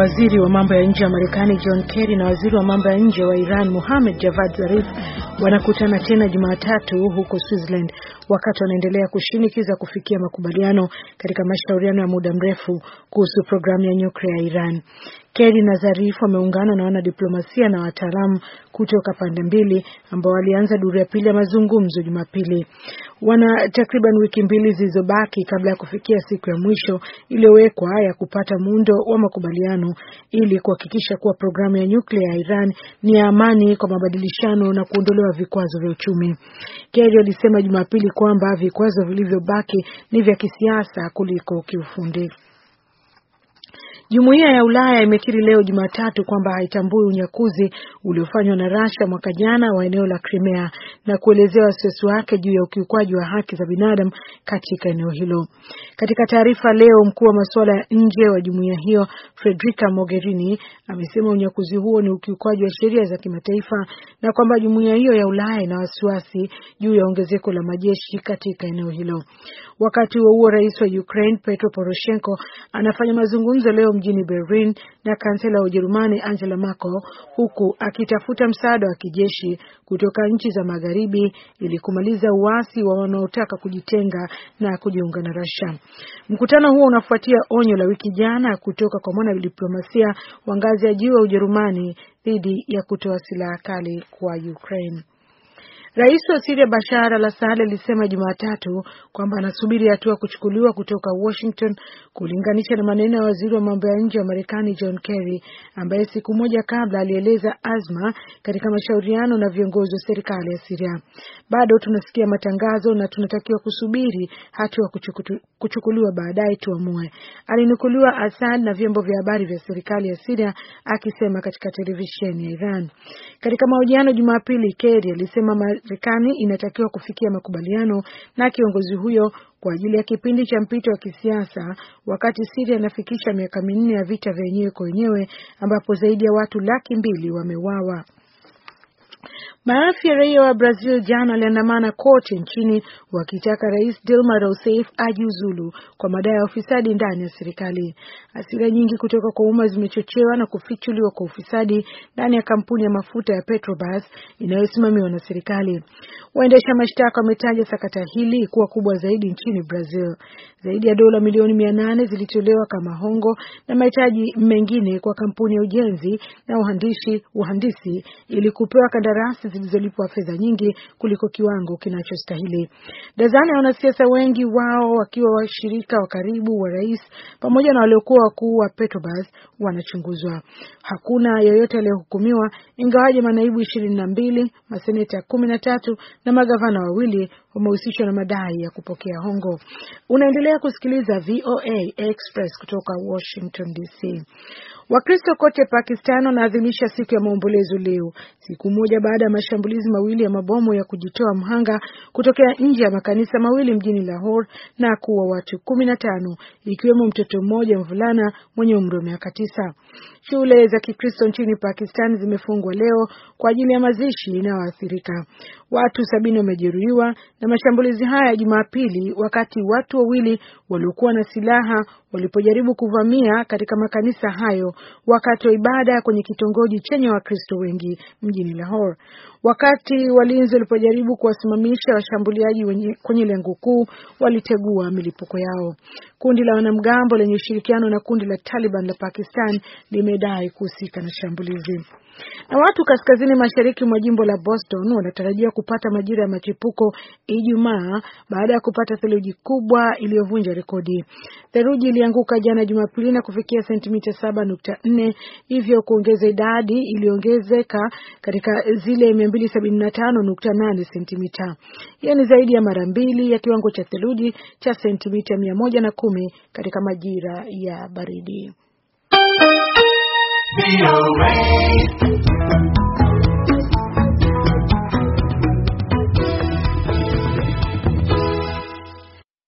waziri wa mambo ya nje wa Marekani John Kerry na waziri wa mambo ya nje wa Iran Mohammad Javad Zarif wanakutana tena Jumatatu huko Switzerland wakati wanaendelea kushinikiza kufikia makubaliano katika mashauriano ya muda mrefu kuhusu programu ya nyuklia ya Iran. Kerry na Zarif wameungana na wanadiplomasia na wataalamu kutoka pande mbili ambao walianza duru ya pili ya mazungumzo Jumapili. Wana takriban wiki mbili zilizobaki kabla ya kufikia siku ya mwisho iliyowekwa ya kupata muundo wa makubaliano ili kuhakikisha kuwa programu ya nyuklia ya Iran ni ya amani kwa mabadilishano na kuondolewa vikwazo vya uchumi. Kerry alisema Jumapili kwamba vikwazo vilivyobaki ni vya kisiasa kuliko kiufundi. Jumuiya ya Ulaya imekiri leo Jumatatu kwamba haitambui unyakuzi uliofanywa na Russia mwaka jana wa eneo la Crimea na kuelezea wasiwasi wake juu ya ukiukwaji wa haki za binadamu katika eneo hilo. Katika taarifa leo, mkuu wa masuala ya nje wa jumuiya hiyo Frederica Mogherini amesema unyakuzi huo ni ukiukwaji wa sheria za kimataifa na kwamba jumuiya hiyo ya Ulaya ina wasiwasi juu ya ongezeko la majeshi katika eneo hilo. Wakati huo huo, rais wa Ukraine Petro Poroshenko anafanya mazungumzo leo mjini Berlin na kansela wa Ujerumani Angela Merkel huku akitafuta msaada wa kijeshi kutoka nchi za magharibi ili kumaliza uasi wa wanaotaka kujitenga na kujiunga na Russia. Mkutano huo unafuatia onyo la wiki jana kutoka kwa mwanadiplomasia wa ngazi ya juu wa Ujerumani dhidi ya kutoa silaha kali kwa Ukraine. Rais wa Siria Bashar al Assad alisema Jumatatu kwamba anasubiri hatua kuchukuliwa kutoka Washington, kulinganisha na maneno ya waziri wa mambo ya nje wa Marekani John Kerry ambaye siku moja kabla alieleza azma katika mashauriano na viongozi wa serikali ya Siria. Bado tunasikia matangazo na tunatakiwa kusubiri hatua kuchukuliwa, baadaye tuamue, alinukuliwa Assad na vyombo vya habari vya serikali ya Siria akisema katika televisheni ya Iran. Katika mahojiano Jumapili, Kerry alisema Marekani inatakiwa kufikia makubaliano na kiongozi huyo kwa ajili ya kipindi cha mpito wa kisiasa wakati Syria inafikisha miaka minne ya vita vya wenyewe kwa wenyewe ambapo zaidi ya watu laki mbili wameuawa. Maelfu ya raia wa Brazil jana waliandamana kote nchini wakitaka Rais Dilma Rousseff ajiuzulu kwa madai ya ufisadi ndani ya serikali. Hasira nyingi kutoka kwa umma zimechochewa na kufichuliwa kwa ufisadi ndani ya kampuni ya mafuta ya Petrobras inayosimamiwa na serikali. Waendesha mashtaka wametaja sakata hili kuwa kubwa zaidi nchini Brazil. Zaidi ya dola milioni mia nane zilitolewa kama hongo na mahitaji mengine kwa kampuni ya ujenzi na uhandishi, uhandisi ili kupewa kandarasi zilizolipwa fedha nyingi kuliko kiwango kinachostahili. Dazana ya wanasiasa, wengi wao wakiwa washirika wa karibu wa rais pamoja na waliokuwa wakuu wa Petrobras, wanachunguzwa. Hakuna yeyote aliyehukumiwa, ingawaje manaibu ishirini na mbili, maseneta kumi na tatu na magavana wawili wamehusishwa na madai ya kupokea hongo. Unaendelea kusikiliza VOA Express kutoka Washington DC. Wakristo kote Pakistan wanaadhimisha siku ya maombolezo leo, siku moja baada ya mashambulizi mawili ya mabomu ya kujitoa mhanga kutokea nje ya makanisa mawili mjini Lahore na kuwa watu kumi na tano ikiwemo mtoto mmoja mvulana mwenye umri wa miaka tisa. Shule za Kikristo nchini Pakistan zimefungwa leo kwa ajili ya mazishi inayoathirika. Watu sabini wamejeruhiwa na mashambulizi haya ya Jumapili, wakati watu wawili waliokuwa na silaha walipojaribu kuvamia katika makanisa hayo wakati wa ibada kwenye kitongoji chenye Wakristo wengi mjini Lahore. Wakati walinzi walipojaribu kuwasimamisha washambuliaji kwenye lengo kuu, walitegua milipuko yao. Kundi la wanamgambo lenye ushirikiano na kundi la Taliban la Pakistan limedai kuhusika na shambulizi. Na watu kaskazini mashariki mwa jimbo la Boston wanatarajia kupata majira ya machipuko Ijumaa baada ya kupata theluji kubwa iliyovunja rekodi. Theluji ilianguka jana Jumapili na kufikia sentimita 7.4, hivyo kuongeza idadi iliongezeka katika zile 275.8 sentimita. Hiyo ni zaidi ya mara mbili ya kiwango cha theluji cha sentimita 110 katika majira ya baridi.